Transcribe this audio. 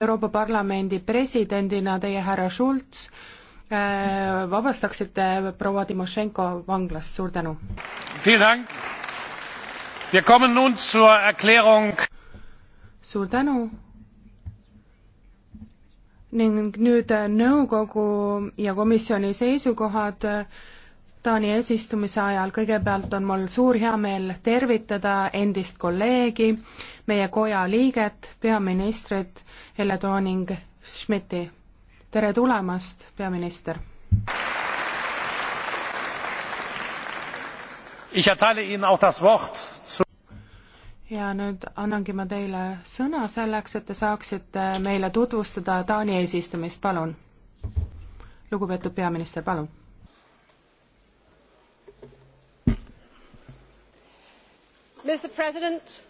Euroopa Parlamendi presidendina teie, härra Schulz, äh, vabastaksite proua Timošenko vanglast, suur tänu. suur tänu ning nüüd äh, nõukogu ja komisjoni seisukohad Taani eesistumise ajal, kõigepealt on mul suur heameel tervitada endist kolleegi, meie koja liiget, peaministrit Helle Tooning-Schmidti. tere tulemast, peaminister! ja nüüd annangi ma teile sõna selleks, et te saaksite meile tutvustada Taani eesistumist, palun. lugupeetud peaminister, palun lugupeetud president!